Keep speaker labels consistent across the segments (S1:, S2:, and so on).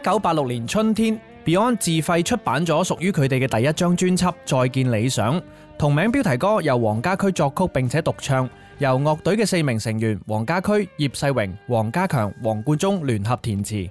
S1: 一九八六年春天，Beyond 自費出版咗屬於佢哋嘅第一張專輯《再見理想》，同名標題歌由黃家駒作曲並且獨唱，由樂隊嘅四名成員黃家駒、葉世榮、黃家強、黃貫中聯合填詞。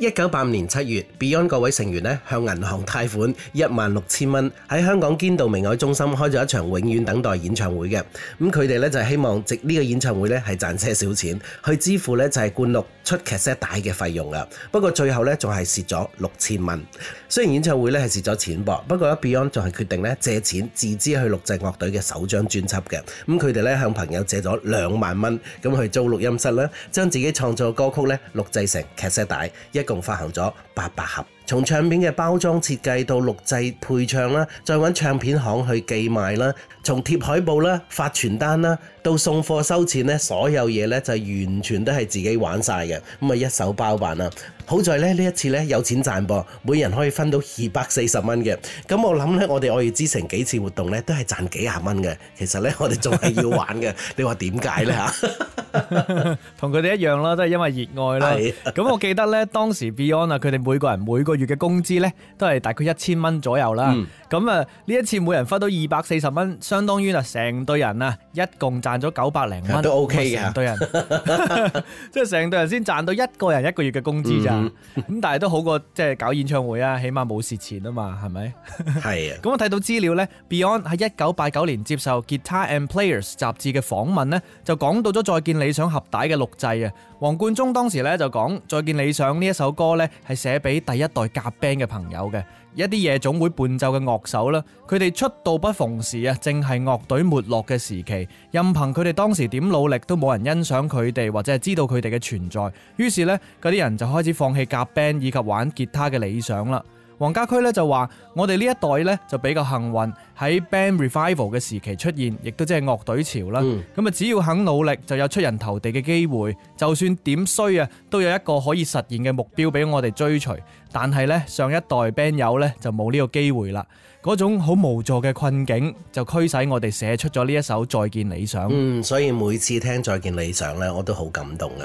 S2: 一九八五年七月，Beyond 各位成員向銀行貸款一萬六千蚊，喺香港堅道明愛中心開咗一場《永遠等待》演唱會嘅。咁佢哋就係希望藉呢個演唱會咧係賺些少，少錢去支付咧就係灌錄。出卡式帶嘅費用啊，不過最後咧仲係蝕咗六千蚊。雖然演唱會咧係蝕咗錢噃，不過 Beyond 仲係決定咧借錢自資去錄製樂隊嘅首張專輯嘅。咁佢哋咧向朋友借咗兩萬蚊，咁去租錄音室啦，將自己創作嘅歌曲咧錄製成卡式帶，一共發行咗八百盒。從唱片嘅包裝設計到錄製配唱啦，再揾唱片行去寄賣啦，從貼海報啦、發傳單啦，到送貨收錢咧，所有嘢咧就完全都係自己玩晒嘅，咁啊一手包辦啦。好在咧呢一次咧有錢賺噃，每人可以分到二百四十蚊嘅。咁我諗咧，我哋愛粵之城幾次活動咧，都係賺幾廿蚊嘅。其實咧，我哋仲係要玩嘅。 你話點解咧嚇？
S1: 同佢哋一樣啦，都係因為熱愛啦。咁、哎、呀 我記得咧，當時 Beyond 啊，佢哋每個人每個月嘅工資咧，都係大概一千蚊左右啦。咁啊、嗯，呢一次每人分到二百四十蚊，相當於啊成隊人啊一共賺咗九百零蚊都 OK 嘅，成 隊人，即係成隊人先賺到一個人一個月嘅工資咋。嗯。咁， 但係都好過即係搞演唱會啊，起碼冇蝕錢啊嘛，係咪？係 啊的。咁我睇到資料咧，Beyond 喺一九八九年接受《Guitar and Players》雜誌嘅訪問咧，就講到咗《再見理想》盒帶嘅錄製啊。黃貫中當時咧就講，《再見理想》呢一首歌咧係寫俾第一代夾 Band 嘅朋友嘅。一啲夜總會伴奏嘅樂手啦，佢哋出道不逢時啊，正係樂隊沒落嘅時期。任憑佢哋當時點努力，都冇人欣賞佢哋，或者係知道佢哋嘅存在。於是呢，嗰啲人就開始放棄夾 band 以及玩吉他嘅理想啦。黃家駒咧就話：我哋呢一代咧就比較幸運，喺 Band Revival 嘅時期出現，亦都即係樂隊潮啦。咁啊、嗯，只要肯努力就有出人頭地嘅機會，就算點衰啊，都有一個可以實現嘅目標俾我哋追隨。但係咧，上一代 band 友咧就冇呢個機會啦。嗰種好無助嘅困境就驅使我哋寫出咗呢一首《再見理想》。
S2: 嗯，所以每次聽《再見理想》咧，我都好感動啊。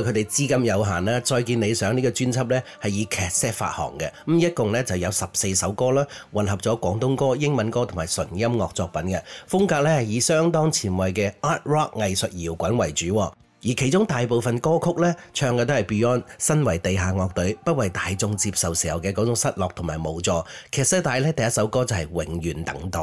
S2: 因為佢哋資金有限啦，《再見理想》呢個專輯咧係以卡式發行嘅，咁一共咧就有十四首歌啦，混合咗廣東歌、英文歌同埋純音樂作品嘅風格咧，係以相當前衛嘅 art rock 藝術搖滾為主，而其中大部分歌曲咧唱嘅都係 Beyond 身為地下樂隊不為大眾接受時候嘅嗰種失落同埋無助。卡式帶咧第一首歌就係、是《永遠等待》。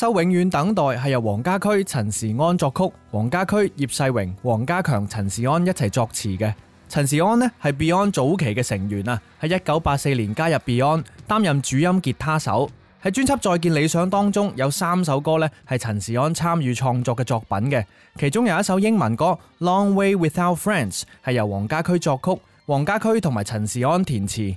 S1: 《收永遠等待》係由黃家駒、陳時安作曲，黃家駒、葉世榮、黃家強、陳時安一齊作詞嘅。陳時安呢，係 Beyond 早期嘅成員啊，喺一九八四年加入 Beyond，擔任主音吉他手。喺專輯《再見理想》當中，有三首歌呢，係陳時安參與創作嘅作品嘅，其中有一首英文歌《Long Way Without Friends》係由黃家駒作曲，黃家駒同埋陳時安填詞。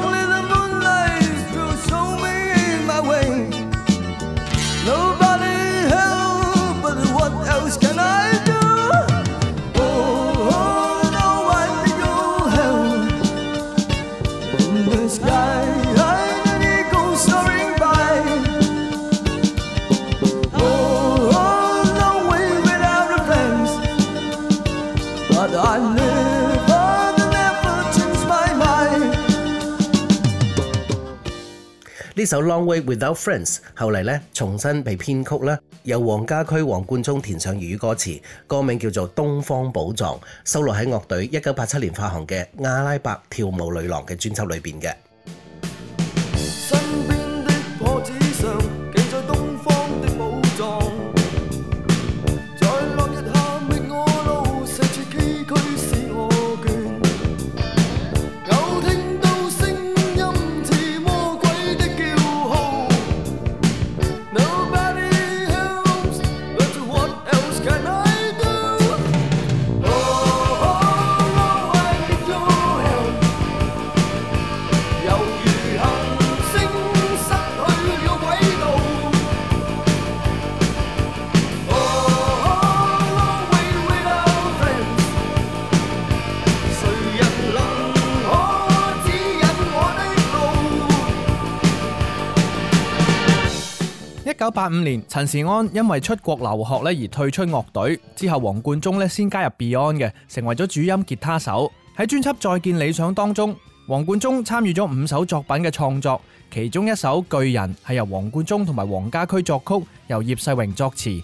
S2: 呢首 Long Way Without Friends 後嚟咧重新被編曲啦，由黃家駒、黃貫中填上粵語歌詞，歌名叫做《東方寶藏》，收錄喺樂隊一九八七年發行嘅《阿拉伯跳舞女郎》嘅專輯裏面嘅。
S1: 一九八五年，陳時安因為出國留學咧而退出樂隊，之後黃貫中咧先加入 Beyond 嘅，成為咗主音吉他手。喺專輯《再見理想》當中，黃貫中參與咗五首作品嘅創作，其中一首《巨人》係由黃貫中同埋黃家駒作曲，由葉世榮作詞。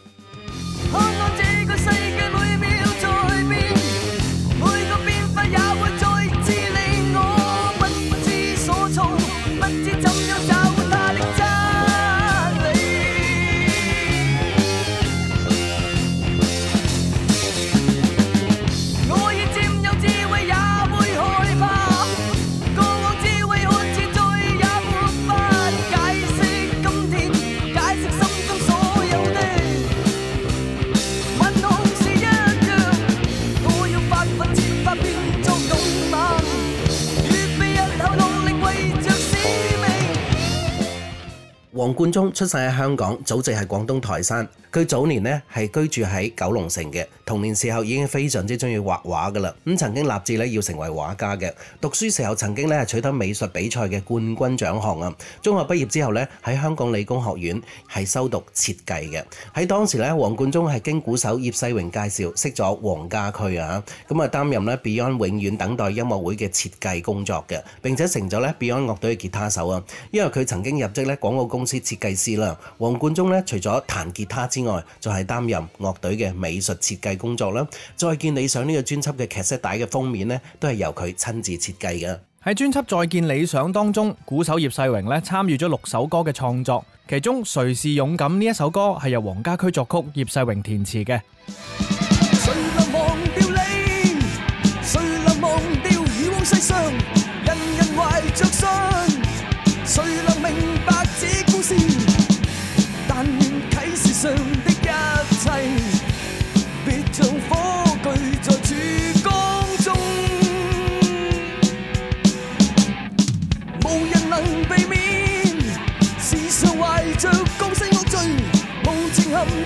S2: 黃貫中出世喺香港，祖籍係廣東台山。佢早年呢，係居住喺九龍城嘅，童年時候已經非常之中意畫畫噶啦。咁曾經立志咧要成為畫家嘅，讀書時候曾經咧係取得美術比賽嘅冠軍獎項啊。中學畢業之後咧喺香港理工學院係修讀設計嘅。喺當時咧，黃貫中係經鼓手葉世榮介紹識咗黃家駒啊。咁啊擔任咧 Beyond 永遠等待音樂會嘅設計工作嘅，並且成咗咧 Beyond 樂隊嘅吉他手啊。因為佢曾經入職咧廣告公司設計師啦。黃貫中咧除咗彈吉他之外，仲係擔任樂隊嘅美術設計工作啦。
S1: 再見理想呢個專輯嘅劇 set 帶嘅封面呢，都係由佢親自設計嘅。喺專輯《再見理想》當中，鼓手葉世榮咧參與咗六首歌嘅創作，其中誰是勇敢呢一首歌係由黃家駒作曲、葉榮，葉世榮填詞嘅。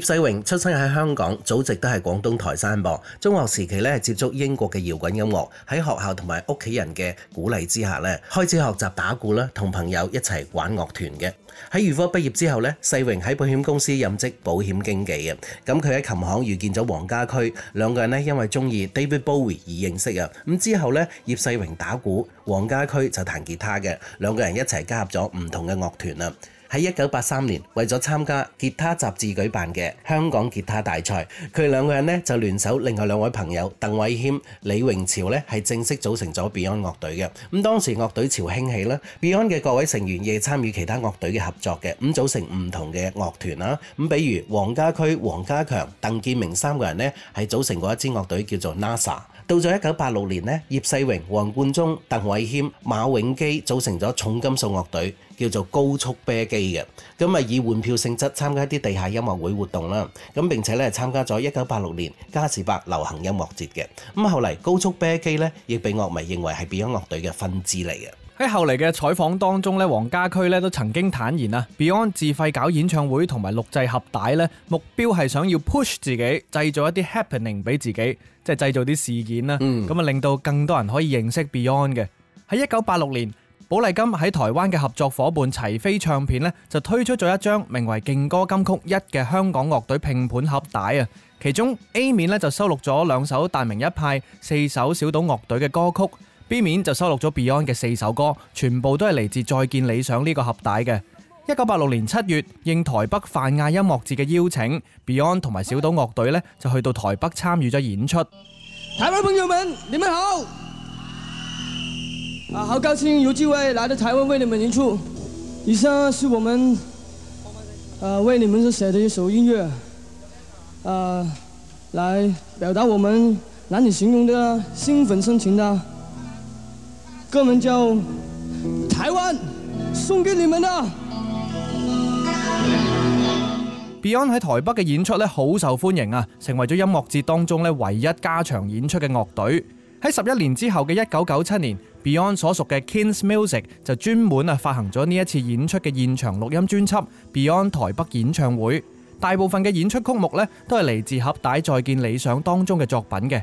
S2: 葉世榮出生喺香港，祖籍都係廣東台山噃。中學時期咧接觸英國嘅搖滾音樂，喺學校同埋屋企人嘅鼓勵之下咧，開始學習打鼓啦，同朋友一齊玩樂團嘅。喺預科畢業之後咧，世榮喺保險公司任職保險經紀啊。咁佢喺琴行遇見咗黃家駒，兩個人咧因為中意 David Bowie 而認識啊。咁之後咧，葉世榮打鼓，黃家駒就彈吉他嘅，兩個人一齊加入咗唔同嘅樂團啊。喺一九八三年，為咗參加吉他雜誌舉辦嘅香港吉他大賽，佢哋兩個人呢就聯手另外兩位朋友鄧偉謙、李榮潮呢，係正式組成咗 Beyond 樂隊嘅。咁當時樂隊潮興起啦，Beyond 嘅各位成員亦參與其他樂隊嘅合作嘅，咁組成唔同嘅樂團啦。比如黃家駒、黃家強、鄧建明三個人呢，係組成過一支樂隊叫做 NASA。到咗一九八六年咧，葉世榮、黃貫中、鄧偉謙、馬永基組成咗重金屬樂隊，叫做高速啤機嘅。咁以換票性質參加一啲地下音樂會活動啦。咁並且呢，參加咗一九八六年加士伯流行音樂節嘅。咁後來高速啤機呢，亦被樂迷認為係 Beyond 樂隊嘅分支嚟。
S1: 喺後嚟嘅採訪當中咧，黃家駒咧都曾經坦言啊，Beyond 自費搞演唱會同埋錄製盒帶咧，目標係想要 push 自己，製造一啲 happening 俾自己，即係製造啲事件啦，咁啊令到更多人可以認識 Beyond 嘅。喺一九八六年，寶麗金喺台灣嘅合作夥伴齊飛唱片咧，就推出咗一張名為《勁歌金曲一》嘅香港樂隊拼盤盒帶啊，其中 A 面咧就收錄咗兩首大名一派、四首小島樂隊嘅歌曲。B 面就收錄咗 Beyond 嘅四首歌，全部都係嚟自《再見理想》呢個盒帶嘅。一九八六年七月，應台北泛亞音樂節嘅邀請，Beyond 同埋小島樂隊呢就去到台北參與咗演出。
S3: 台灣朋友們，你們好！啊，好高興有機會來到台灣為你們演出。以上是我們啊為你們寫的一首音樂，啊，來表達我們難以形容的興奮心情的。今晚就台灣送給你們、啊、
S1: Beyond 喺台北嘅演出咧，好受歡迎啊，成為咗音樂節當中咧，唯一加場演出嘅樂隊。喺十一年之後嘅一九九七年，Beyond 所屬嘅 Kinn's Music 就專門啊發行咗呢一次演出嘅現場錄音專輯《Beyond 台北演唱會》。大部分嘅演出曲目咧，都係嚟自《盒帶再見理想》當中嘅作品嘅。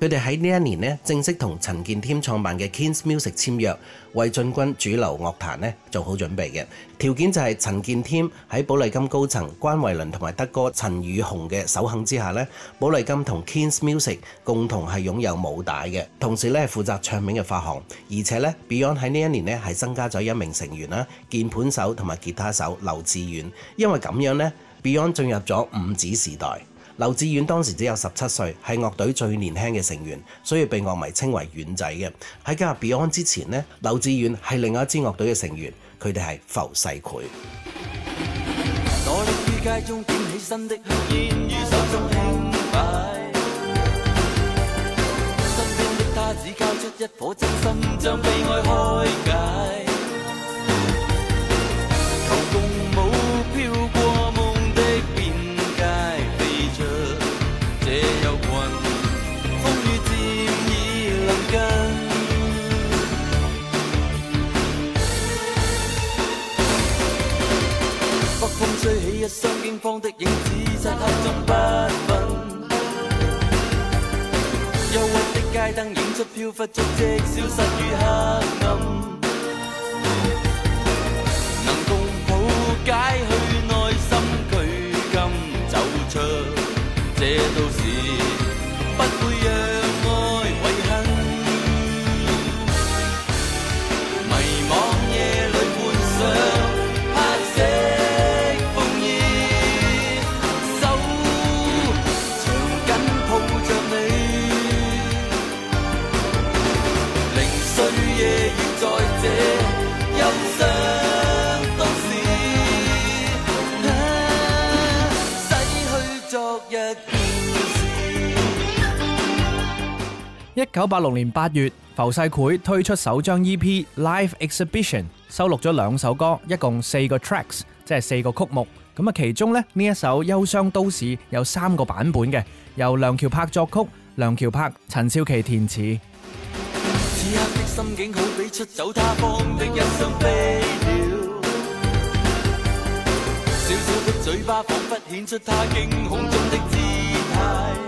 S2: 佢哋喺呢一年呢，正式同陳健添創辦嘅 Kinn's Music 簽約，為進軍主流樂壇呢做好準備。嘅條件就係陳健添喺寶麗金高層關偉倫同埋德哥陳宇雄嘅首肯之下呢，寶麗金同 Kinn's Music 共同係擁有母帶嘅，同時呢負責唱片嘅發行，而且呢 Beyond 喺呢一年呢係增加咗一名成員啦，鍵盤手同埋吉他手劉志遠。因為咁樣呢 Beyond 進入咗五指時代。劉志遠當時只有十七歲，係樂隊最年輕嘅成員，所以被樂迷稱為遠仔嘅。喺加入 Beyond 之前呢，劉志遠係另外一支樂隊嘅成員，佢哋係浮世繪。
S3: 一雙驚慌的影子，漆黑中不分，幽鬱的街燈，映出飄忽足跡，消失於黑暗。能共抱解去內心拘禁，走出這都市。
S1: 一九八六年八月，浮世繪推出首張 EP《Life Exhibition》，收錄咗兩首歌，一共四個 tracks，即係四個曲目。咁啊，其中咧呢這一首《憂傷都市》有三個版本嘅，由梁翹柏作曲，梁翹柏、陳少琪填詞。
S3: 此刻的心境，好比出走他方的一雙飛鳥，小小的嘴巴，仿佛顯出他驚恐中的姿態。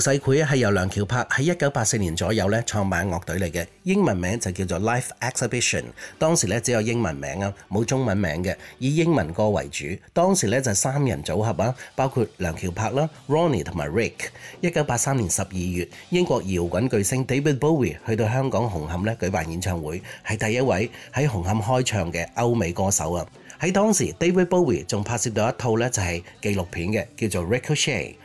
S2: 細會係由梁翹柏喺一九八四年左右咧創辦樂隊嚟嘅，英文名就叫做 Life Exhibition。當時咧只有英文名啊，冇中文名嘅，以英文歌為主。當時咧就三人組合啊，包括梁翹柏啦、Ronnie 同埋 Rick。一九八三年十二月，英國搖滾巨星 David Bowie 去到香港紅磡咧舉辦演唱會，係第一位喺紅磡開唱嘅歐美歌手啊。喺當時，David Bowie 仲拍攝到一套咧就係紀錄片嘅，叫做 Ricochet。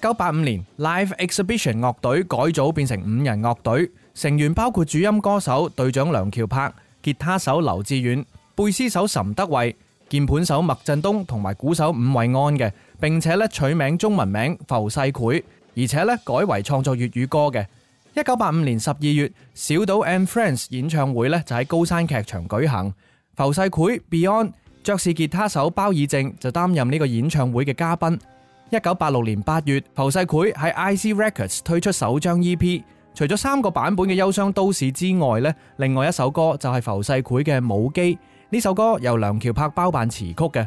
S1: 一九八五年，Live Exhibition 樂隊改組變成五人樂隊，成員包括主音歌手隊長梁翹柏、吉他手劉志遠、貝斯手岑德慧、鍵盤手麥振東同埋鼓手伍偉安嘅，並且咧取名中文名浮世繪，而且咧改為創作粵語歌嘅。一九八五年十二月，小島 and friends 演唱會咧就喺高山劇場舉行，浮世繪 Beyond 爵士吉他手包以正就擔任呢個演唱會嘅嘉賓。一九八六年八月，浮世繪喺 IC Records 推出首張 EP，除咗三個版本嘅《憂傷都市》之外，呢另外一首歌就係浮世繪嘅《舞姬》。呢首歌由梁翹柏包辦詞
S3: 曲嘅。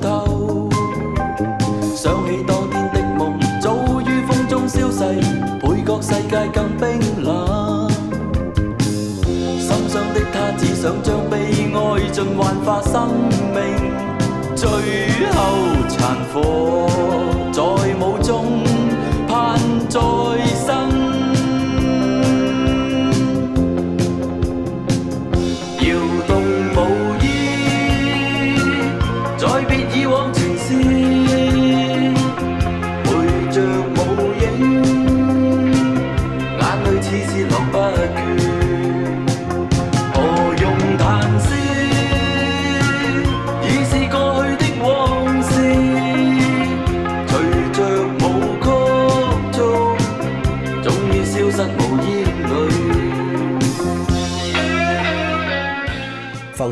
S4: 想將悲哀盡幻化生命，
S3: 最後殘火在霧中，盼在。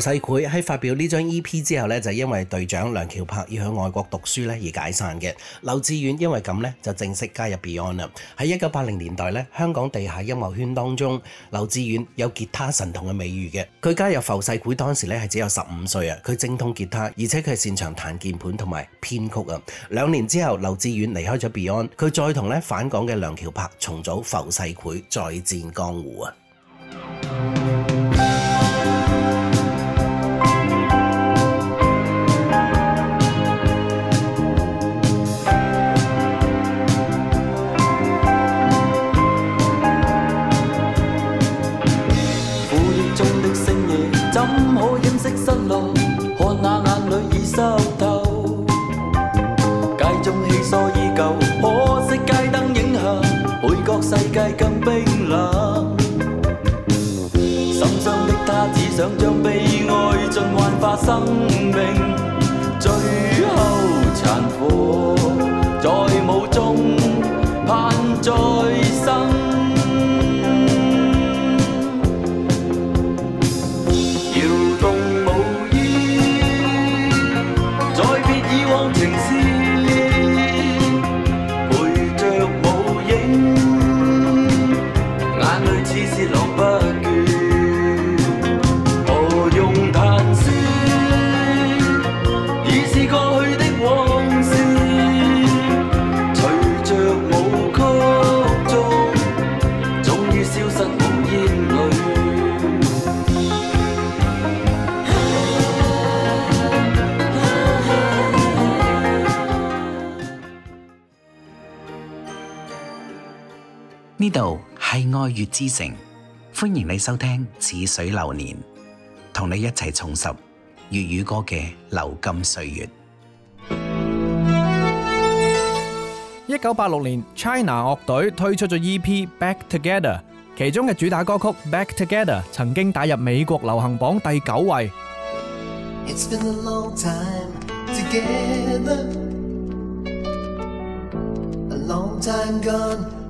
S2: 浮世繪喺發表呢張 EP 之後咧，就因為隊長梁翹柏要喺外國讀書咧而解散嘅。劉志遠因為咁呢就正式加入 Beyond。喺一九八零年代呢香港地下音樂圈當中，劉志遠有吉他神童嘅美譽嘅。佢加入浮世繪當時呢係只有十五歲啊！佢精通吉他，而且佢係擅長彈鍵盤同埋編曲啊。兩年之後，劉志遠離開咗 Beyond，佢再同咧返港嘅梁翹柏重組浮世繪，再戰江湖啊！
S3: 世界更冰冷，心傷的他只想將悲哀盡幻化生命。
S2: 呢度係愛粵之城，歡迎你收聽《似水流年》，同你一齊重拾粵語歌嘅流金歲月。
S1: 一九八六年，Chyna 樂隊推出咗 EP《Back Together》，其中嘅主打歌曲《Back Together》曾經打入美國流行榜第九位。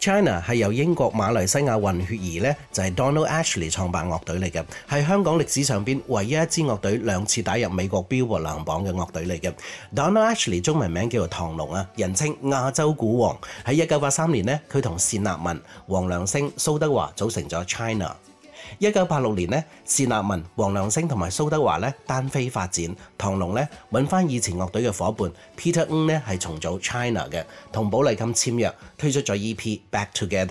S2: Chyna 係由英國馬來西亞混血兒呢就係 Donald Ashley 創辦樂隊嚟嘅，係香港歷史上邊唯一一支樂隊兩次打入美國 Billboard 榜嘅樂隊嚟嘅。Donald Ashley 中文名叫做唐龍啊，人稱亞洲鼓王。喺一九八三年呢佢同單立文、黃良昇、蘇德華組成咗 Chyna。一九八六年咧，單立文、黃良昇同埋蘇德華咧單飛發展，唐龍咧搵翻以前樂隊嘅伙伴 Peter Ng 呢係重組 Chyna 嘅，同寶麗金簽約推出咗 EP《Back 2gether》，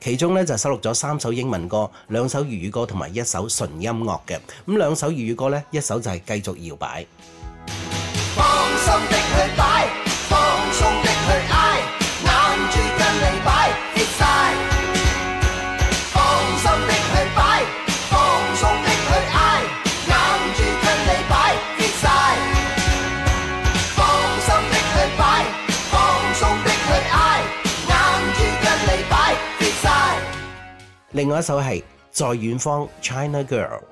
S2: 其中咧就收錄咗三首英文歌、兩首粵語歌同埋一首純音樂嘅，咁兩首粵語歌咧，一首就係繼續搖擺。 另一首係在遠方《Chynagirl》。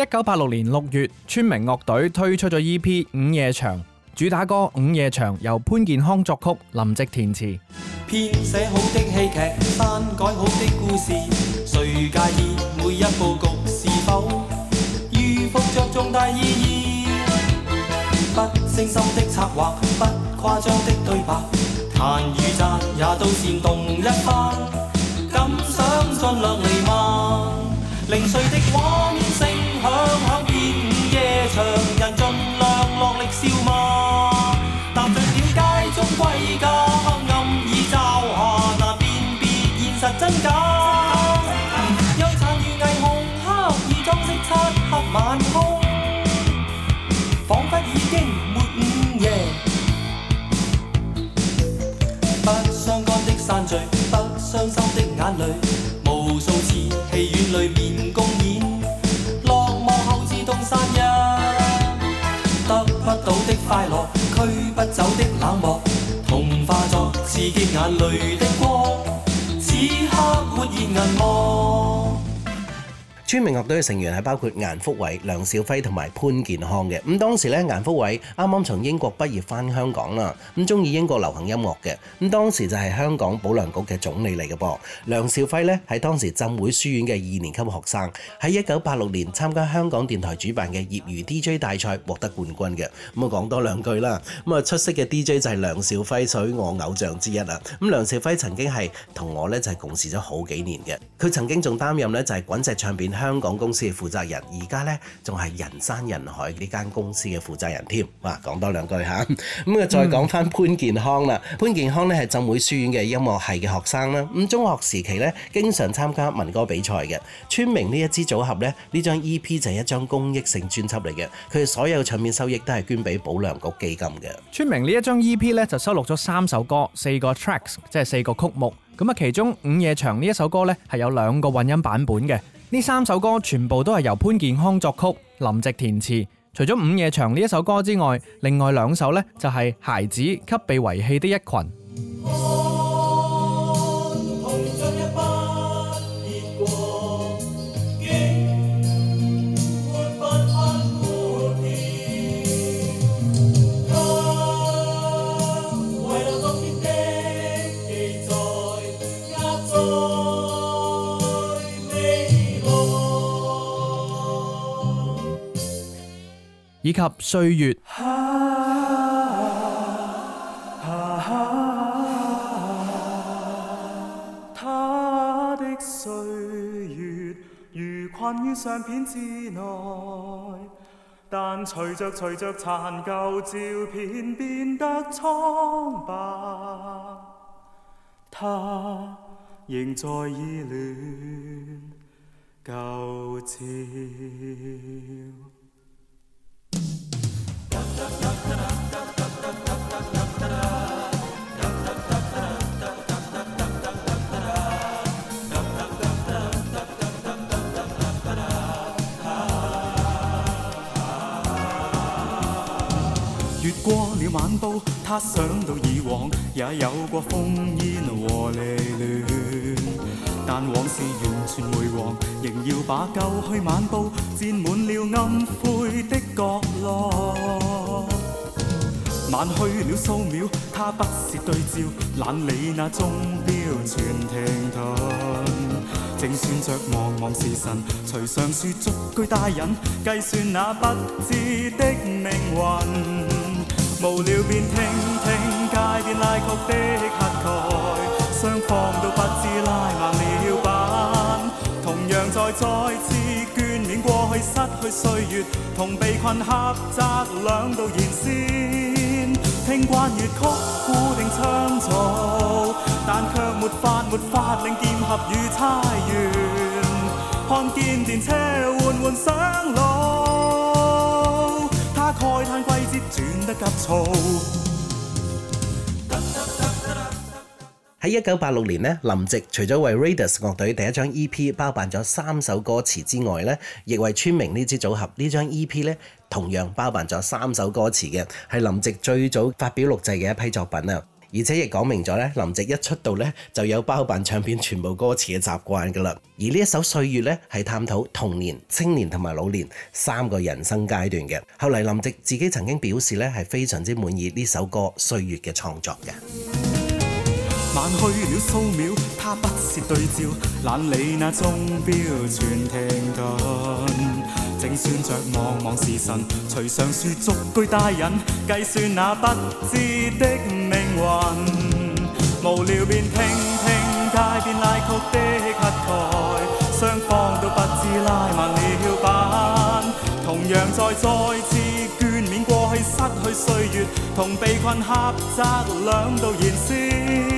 S5: 一
S1: 九八六年六月，川鳴樂隊推出咗 EP《午夜場》。主打歌《午夜場》由潘健康作曲林，林夕填詞。
S6: 編寫好的戲劇，但改好的故事，誰介意每一布局是否預伏着重大意義？不聲心的策劃，不誇張的對白，彈與讚也都煽動
S3: 一番，盡想盡量彌漫零碎的畫面聲響響，遍午夜場。傷心的眼淚，無數次戲院裏面公演，落幕後自動散人，得不到的快樂，
S2: 驅不走的冷漠，同化作刺激眼淚的光，此刻活現銀幕。川鳴樂隊嘅成員係包括顏福偉、梁少輝同埋潘健康嘅。咁當時咧，顏福偉啱啱從英國畢業返香港啦，咁中意英國流行音樂嘅。咁當時就係香港保良局嘅總理嚟嘅噃。梁少輝呢係當時浸會書院嘅二年級學生，喺一九八六年參加香港電台主辦嘅業餘 DJ 大賽獲得冠軍嘅。咁啊講多兩句啦。咁啊出色嘅 DJ 就係梁少輝，屬於我偶像之一啦。咁梁少輝曾經係同我呢就係共事咗好幾年嘅。佢曾經仲擔任呢就係滾石唱片。香港公司嘅負責人，而家呢仲係人山人海呢間公司嘅負責人添。哇，講多兩句嚇，咁啊再講翻潘健康啦。嗯、潘健康呢係浸會書院嘅音樂系嘅學生啦。咁中學時期呢，經常參加民歌比賽嘅。川鳴呢一支組合呢，呢張 E P 就係一張公益性專輯嚟嘅。佢哋所有唱片收益都係捐俾保良局基金嘅。
S1: 川鳴呢一張 E P 呢，就收錄咗三首歌，四個 tracks，即係四個曲目。咁啊，其中午夜場呢一首歌呢，係有兩個混音版本嘅。呢三首歌全部都係由潘健康作曲，林夕填詞。除咗午夜場呢一首歌之外，另外兩首呢就係、是、孩子給被遺棄的一群。以及歲月、
S4: 啊啊啊，
S6: 他的歲月如困於相片之內，但隨着隨着殘舊照片變得蒼
S5: 白，
S6: 他仍在依戀舊照。越過了晚報，他想到以往也有過烽煙和離亂。但往事完全回望，仍要把舊去晚報佔滿了暗灰的角落。晚去了數秒，他不屑對照，懶理那鐘錶全停頓。正算着茫茫時辰，隨上書逐句帶引，計算那不知的命運。無聊便聽聽街邊拉曲的乞丐。雙方都不知拉慢了板，同樣在再，再次眷戀過去失去歲月，同被困狹窄兩道沿線。聽慣粵曲固定唱草，但卻沒法沒法令劍俠與釵圓。看見電車緩
S2: 緩上路，他慨嘆季節轉得急躁。喺一九八六年咧，林夕除咗為 Raidas 樂隊第一張 EP 包辦咗三首歌詞之外咧，亦為川鳴呢支組合呢張 EP 同樣包辦咗三首歌詞嘅，係林夕最早發表錄製嘅一批作品啊！而且亦講明咗咧，林夕一出道咧就有包辦唱片全部歌詞嘅習慣噶啦。而呢一首《歲月》咧，係探討童年、青年同埋老年三個人生階段嘅。後嚟林夕自己曾經表示咧，係非常之滿意呢首歌《歲月》嘅創作嘅。晚去了數秒，
S6: 他不屑對照，懶理那鐘表全停頓，整算着茫茫時辰，隨上書逐句帶引，計算那不知的命運。無聊便聽聽街邊拉曲的乞丐，雙方都不知拉慢了板，同樣在再次眷戀過去失去歲月，同被困狹窄兩道言絲。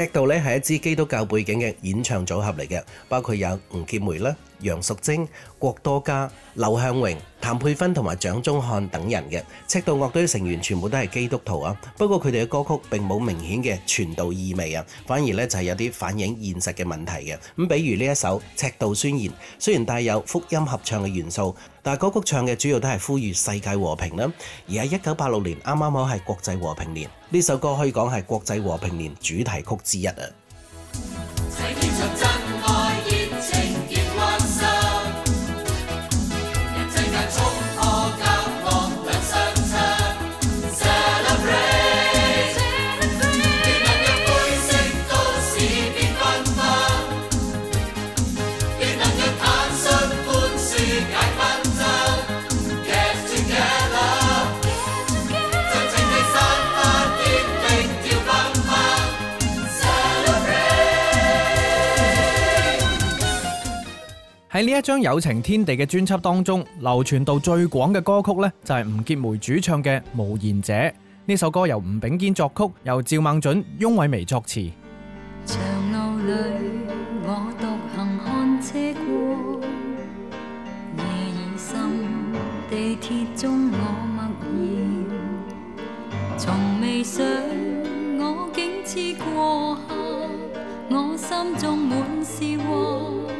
S2: 赤道呢，係一支基督教背景嘅演唱組合嚟嘅，包括有吳潔梅、楊淑貞、郭多嘉、劉向榮。譚佩芬同埋蔣中漢等人嘅赤道樂隊成員全部都係基督徒啊，不過佢哋嘅歌曲並冇明顯嘅傳道意味啊，反而呢就係有啲反映現實嘅問題嘅，咁比如呢一首《赤道宣言》，雖然帶有福音合唱嘅元素，但係歌曲唱嘅主要都係呼籲世界和平啦，啊，而喺一九八六年啱啱好係國際和平年，呢首歌可以講係國際和平年主題曲之一
S4: 啊。
S1: 喺呢一張《友情天地》嘅專輯當中，流傳到最廣嘅歌曲呢，就係吳潔梅主唱嘅《無言者》呢首歌，由吳炳堅作曲，由趙孟準、翁偉美作詞。
S4: 長
S7: 路裡我獨行看車過，看深，地鐵中我默然，從未想我竟似過客，我心中滿是禍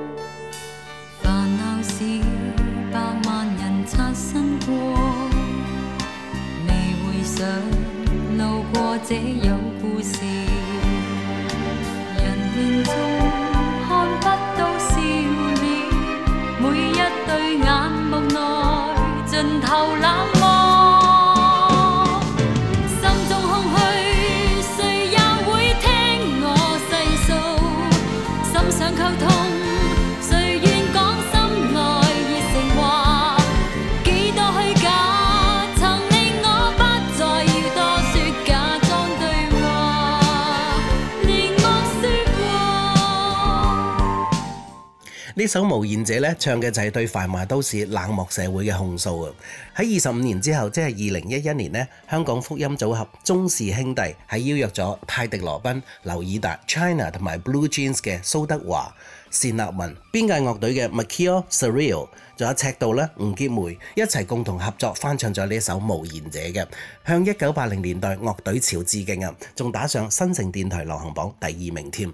S2: 呢首無言者咧唱嘅就係對繁華都市冷漠社會嘅控訴啊！喺二十五年之後，即係二零一一年，香港福音組合鍾氏兄弟喺邀約咗泰迪羅賓、劉以達、China 同埋 Blue Jeans 嘅蘇德華、單立文、邊界樂隊嘅 Makio Surreal，仲有赤道咧吳潔梅一齊共同合作翻唱咗呢一首無言者嘅，向一九八零年代樂隊潮致敬啊！仲打上新城電台流行榜第二名添。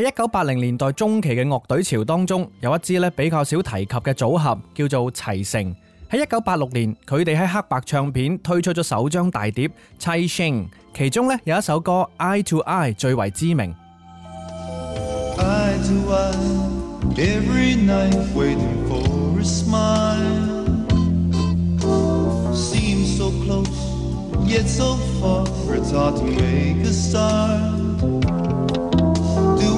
S1: 喺一九八零年代中期嘅樂隊潮當中，有一支咧比較少提及嘅組合，叫做齊成。喺一九八六年，佢哋喺黑白唱片推出咗首張大碟《齊聲》，其中咧有一首歌《Eye to Eye》最為知名。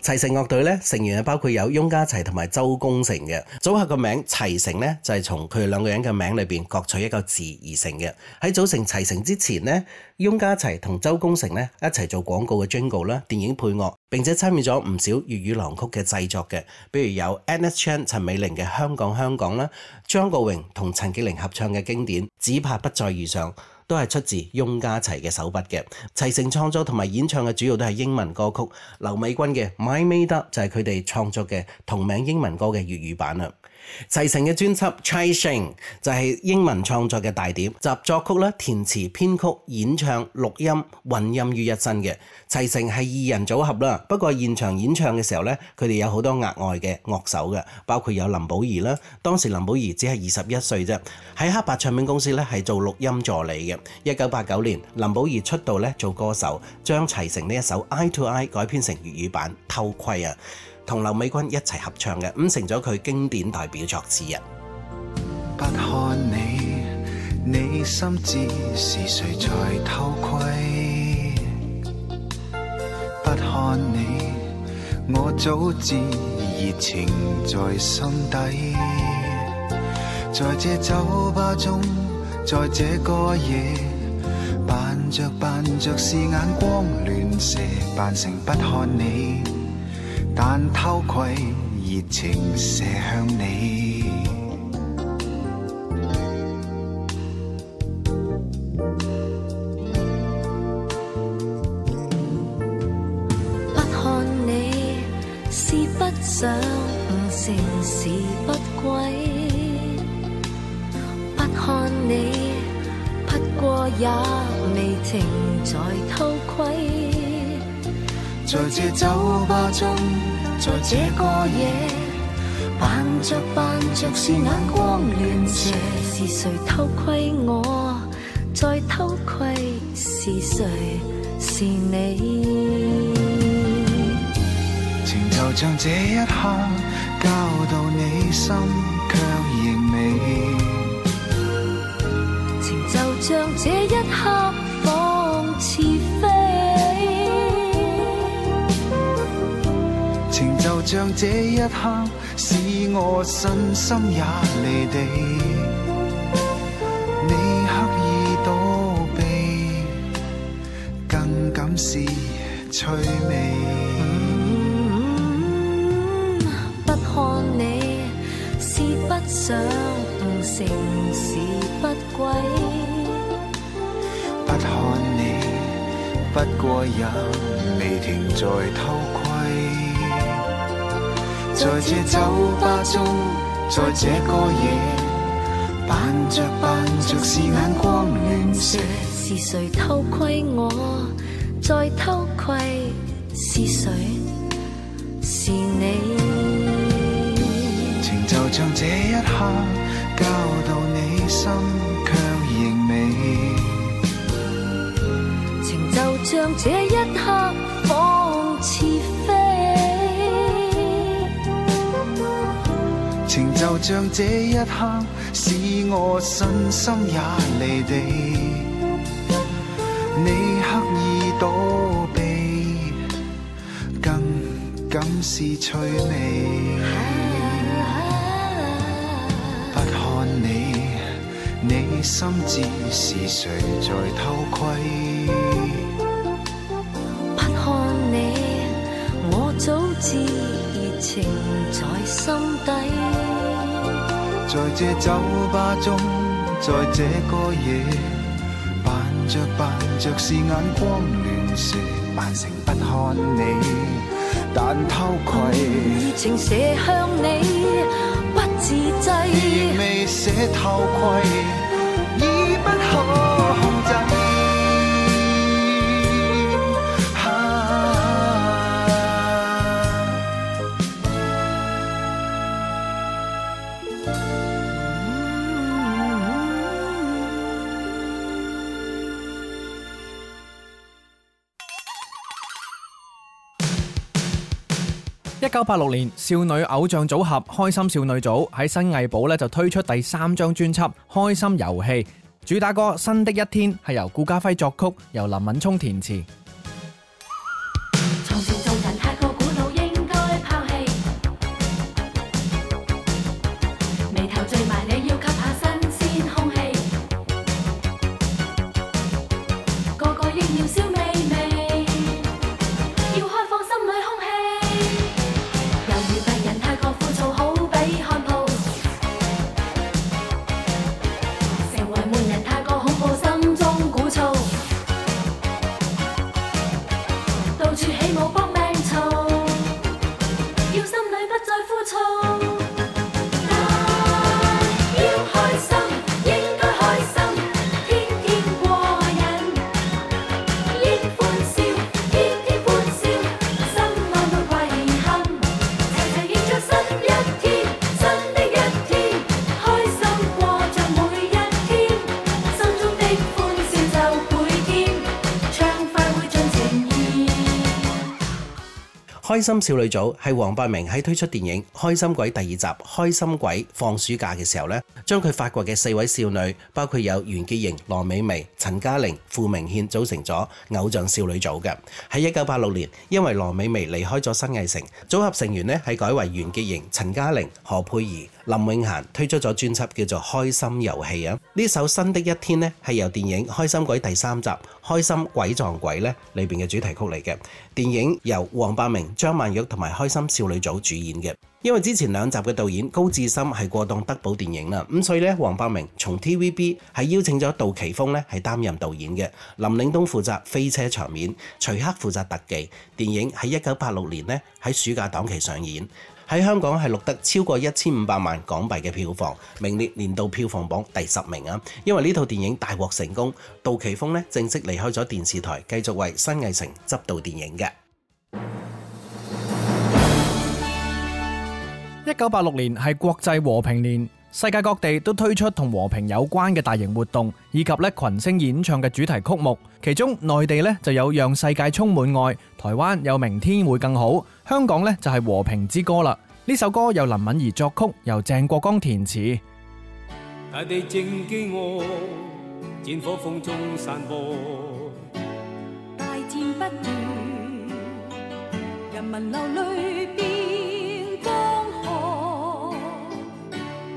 S2: 齊成樂隊咧，成員係包括有翁家齊同埋周公成嘅組合，個名齊成咧，就係從佢哋兩個人嘅名裏邊各取一個字而成嘅。喺組成齊成之前咧，翁家齊同周公成咧一齊做廣告嘅 jingle 啦，電影配樂，並且參與咗唔少粵語流行曲嘅製作嘅，比如有 Agnes Chan 陳美玲嘅《香港香港》啦，張國榮同陳潔靈合唱嘅經典《只怕不再遇上》。都係出自翁家齊嘅手筆嘅，齊成創作同埋演唱嘅主要都係英文歌曲，劉美君嘅《My Made Up》就係佢哋創作嘅同名英文歌嘅粵語版。齊成嘅專輯《Tsaishing》就係英文創作嘅大碟，集作曲啦、填詞、編曲、演唱、錄音、混音於一身嘅。齊成係二人組合啦，不過現場演唱嘅時候咧，佢哋有好多額外嘅樂手嘅，包括有林保怡啦。當時林保怡只係二十一歲啫，喺黑白唱片公司咧係做錄音助理嘅。一九八九年，林保怡出道咧做歌手，將齊成呢一首《Eye to Eye》改編成粵語版《偷窺》啊。同劉美君一齊合唱嘅，咁成咗佢經典代表作之一。
S8: 不看你，你心知是誰在偷窺；不看你，我早知熱情在心底。在這酒吧中，在這個夜，扮着扮着是眼光亂射，扮成不看你。但偷窺，熱情射向你。
S7: 不看你，是不想成事不軌。不看你，不過也未停在偷窺。在這酒吧中，在這個夜，扮着，扮着，扮着，是眼光亂射，是誰偷窺我？在偷窺是誰？是你。
S8: 情就像這一刻，交到你心卻仍美。情就像這一刻。像這一刻，使我身心也離地。你刻意躲避，更感是趣味。Mm, mm, mm, 不看
S7: 你，是不想成事不歸。
S8: 不看你，不過也未停在偷在這酒吧中，在這個夜，扮着、扮着是眼光亂射。水
S7: 是誰偷窺我，在偷窺？
S8: 是誰？是你。情就像這一刻，交到你心卻仍未。情就
S7: 像這一刻。
S8: 仍就像這一刻，使我身心也離地。你刻意躲避，更感是趣味。啊、不看你，你心知是誰在偷窺。不
S7: 看你，我早知熱情在心底。
S8: 在這酒吧中，在這個夜，扮着扮着，是眼光亂射，扮成不看你，但偷窺。熱情射向你，不自制，意未捨偷窺。
S1: 一八六年，少女偶像組合《開心少女組》喺新藝寶咧就推出第三張專輯《開心遊戲》，主打歌《新的一天》係由顧嘉輝作曲，由林敏聰填詞。
S2: 開心少女組係黃百鳴喺推出電影《開心鬼》第二集《開心鬼放暑假》嘅時候呢將佢發掘嘅四位少女，包括有袁潔瑩、羅美薇、陳嘉玲、傅明憲，組成咗偶像少女組嘅。喺一九八六年，因為羅美薇離開咗新藝城，組合成員呢係改為袁潔瑩、陳嘉玲、何佩儀、林永嫻，推出咗專輯叫做《開心遊戲》啊。呢首《新的一天》呢係由電影《開心鬼》第三集《開心鬼撞鬼》呢裏邊嘅主題曲嚟嘅。電影由黃百鳴、張曼玉同埋開心少女組主演嘅。因為之前兩集嘅導演高志森係過檔德寶電影啦，咁所以咧黃百鳴從 TVB 係邀請咗杜琪峰咧係擔任導演嘅，林嶺東負責飛車場面，徐克負責特技，電影喺一九八六年呢喺暑假檔期上演，喺香港係錄得超過一千五百萬港幣嘅票房，名列年度票房榜第十名啊！因為呢套電影大獲成功，杜琪峰呢正式離開咗電視台，繼續為新藝城執導電影嘅。
S1: 一九八六年係國際和平年，世界各地都推出同和平有關嘅大型活動，以及咧群星演唱嘅主題曲目。其中內地咧就有《讓世界充滿愛》，台灣有《明天會更好》，香港咧就係《和平之歌》啦。呢首歌由林敏怡作曲，由鄭國江填詞。
S3: 大地正飢餓，
S6: 戰火風中散播，
S7: 大戰不斷，人民流淚。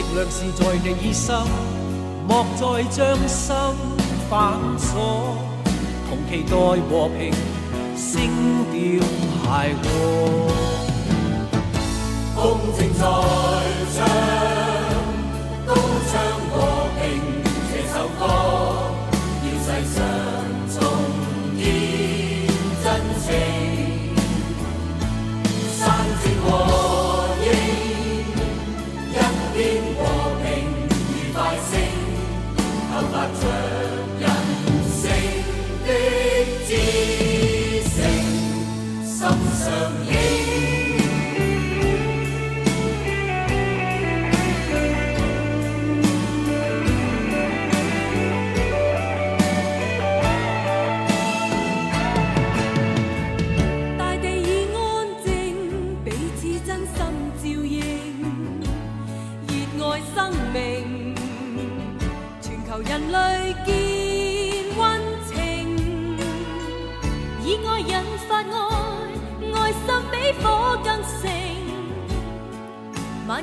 S3: 力量是在你生，莫再將心反鎖，同期待和平聲調諧和，風正在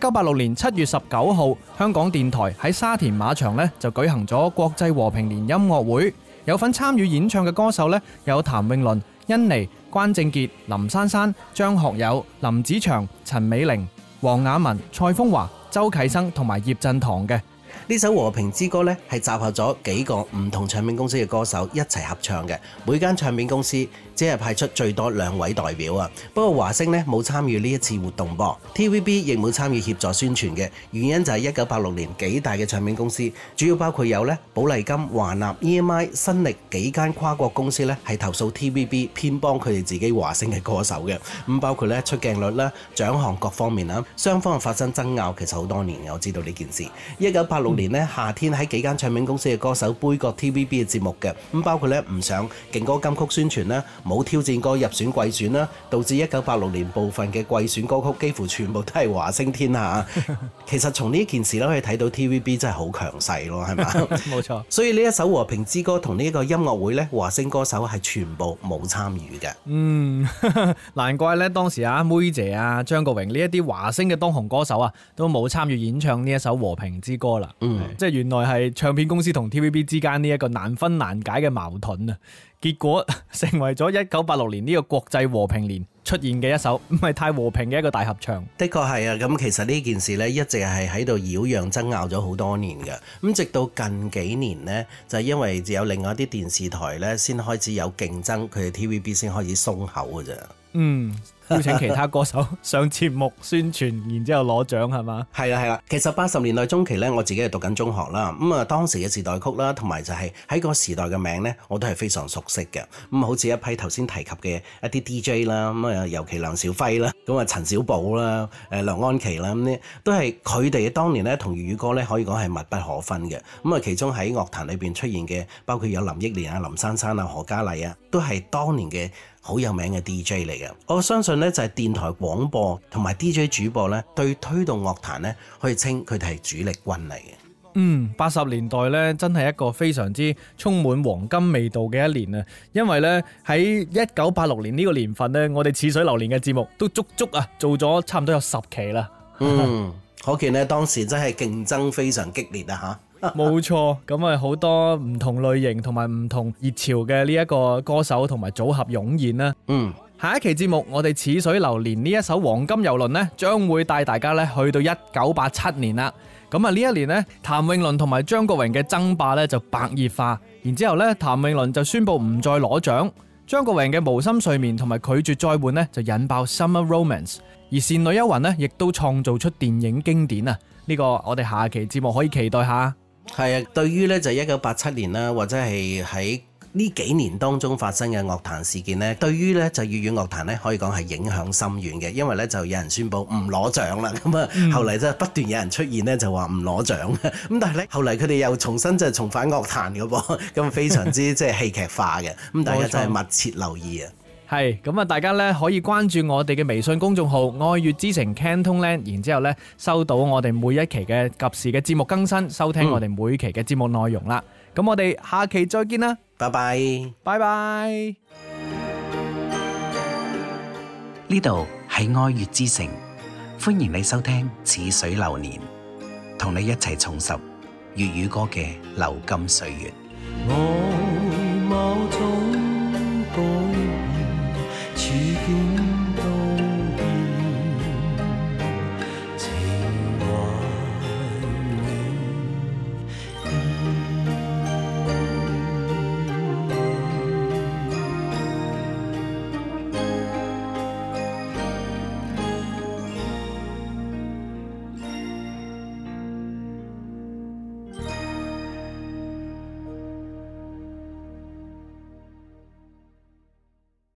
S1: 一九八六年七月十九號，香港電台喺沙田馬場呢就舉行咗國際和平年音樂會，有份參與演唱嘅歌手呢，有譚詠麟、甄妮、關正傑、林珊珊、張學友、林子祥、陳美玲、黃雅文、蔡楓華、周啟生同埋葉振棠嘅呢首和平之歌呢，係集合咗幾個唔同唱片公司嘅歌
S2: 手一齊合唱嘅，每間唱片公司。即係派出最多兩位代表啊！不過華星呢冇參與呢一次活動噃，TVB 亦冇參與協助宣傳嘅原因就係一九八六年幾大嘅唱片公司，主要包括有呢寶麗金、華納、EMI、新力幾間跨國公司呢，係投訴 TVB 偏幫佢哋自己華星嘅歌手嘅。咁包括呢出鏡率啦、獎項各方面啊，雙方發生爭拗，其實好多年嘅。我知道呢件事。一九八六年呢夏天喺幾間唱片公司嘅歌手杯葛 TVB 嘅節目嘅，咁包括呢唔上勁歌金曲宣傳啦。冇挑戰過入選季選啦，導致一九八六年部分嘅季選歌曲幾乎全部都係華星天下。 其實從呢件事都可以睇到 TVB 真係好強勢咯，係咪？冇 錯。所以呢一首和平之歌同呢一個音樂會呢，華星歌手係全部冇參與嘅。嗯，
S1: 難怪呢當時阿、啊、妹姐啊張國榮呢一啲華星嘅當紅歌手啊，都冇參與演唱呢一首和平之歌啦。嗯，即係原來係唱片公司同 TVB 之間呢一個難分難解嘅矛盾啊！結果成為咗一九八六年呢個國際和平年出現嘅一首唔係太和平嘅一個大合唱。的確係啊，咁其實呢件事呢，一直係喺度擾
S2: 攘爭拗咗好多年嘅。咁直到近幾年呢，就因為只有另外一啲電視台呢先開始有競爭，佢哋 TVB 先開始鬆口㗎咋。嗯。
S1: 邀請其他歌手上節目宣傳，然之後攞獎係嘛？係啦係啦，其實八十年
S2: 代中期咧，我自己係讀緊中學啦，咁啊當時嘅時代曲啦，同埋就係喺個時代嘅名咧，我都係非常熟悉嘅。咁好似一批頭先提及嘅一啲 DJ 啦，咁啊，尤其梁小輝啦，咁啊陳小寶啦，誒梁安琪啦，咁呢都係佢哋當年咧同粵語歌咧可以講係密不可分嘅。咁啊，其中喺樂壇裏邊出現嘅，包括有林憶蓮啊、林珊珊啊、何嘉麗啊，都係當年嘅。好有名嘅 DJ 嚟嘅，我相信呢就係電台廣播同埋 DJ 主播呢，對推動樂壇呢，可以稱佢哋係主
S1: 力軍嚟嘅。嗯，八十年代呢，真係一個非常之充滿黃金味道嘅一年啊！因為呢，喺一九八六年呢個年份呢，我哋似水流年嘅節目都足足啊做咗差唔多有十期啦。 嗯，可見呢，當時真係競
S2: 爭非常激烈啊！吓。
S1: 冇錯，咁啊好多唔同類型同埋唔同熱潮嘅呢一個歌手同埋組合湧現啦。嗯，下一期節目我哋《似水流年》呢一首《黃金遊輪》咧，將會帶大家咧去到一九八七年啦。咁啊呢一年咧，譚詠麟同埋張國榮嘅爭霸咧就白熱化，然之後呢，譚詠麟就宣佈唔再攞獎，張國榮嘅《無心睡眠》同埋拒絕再玩咧就引爆《Summer Romance》，而《倩女幽魂》咧亦都創造出電影經典啊！呢個我哋下期節目可以期待下。係啊，對於咧就一九八七年啦，或者係喺
S2: 呢幾年當中發生嘅樂壇事件咧，對於咧就粵語樂壇咧，可以講係影響深遠嘅，因為咧就有人宣布唔攞獎啦，咁啊，後嚟就不斷有人出現咧就話唔攞獎，咁但係咧後嚟佢哋又重新即係重返樂壇嘅噃，咁非常之即係戲劇化嘅，咁大家真係密切留意啊。
S1: 係咁啊！大家咧可以關注我哋嘅微信公眾號《 愛粵之城 CantonLand》， 然之後咧收到我哋每一期嘅及時嘅節目更新，收聽我哋每期嘅節目內容啦。咁、嗯、我哋下期再見啦，拜拜 bye，拜拜 bye。呢度
S2: 係愛粵之城，歡迎你收聽《似水流年》，同你一齊重拾粵語歌嘅流金歲月。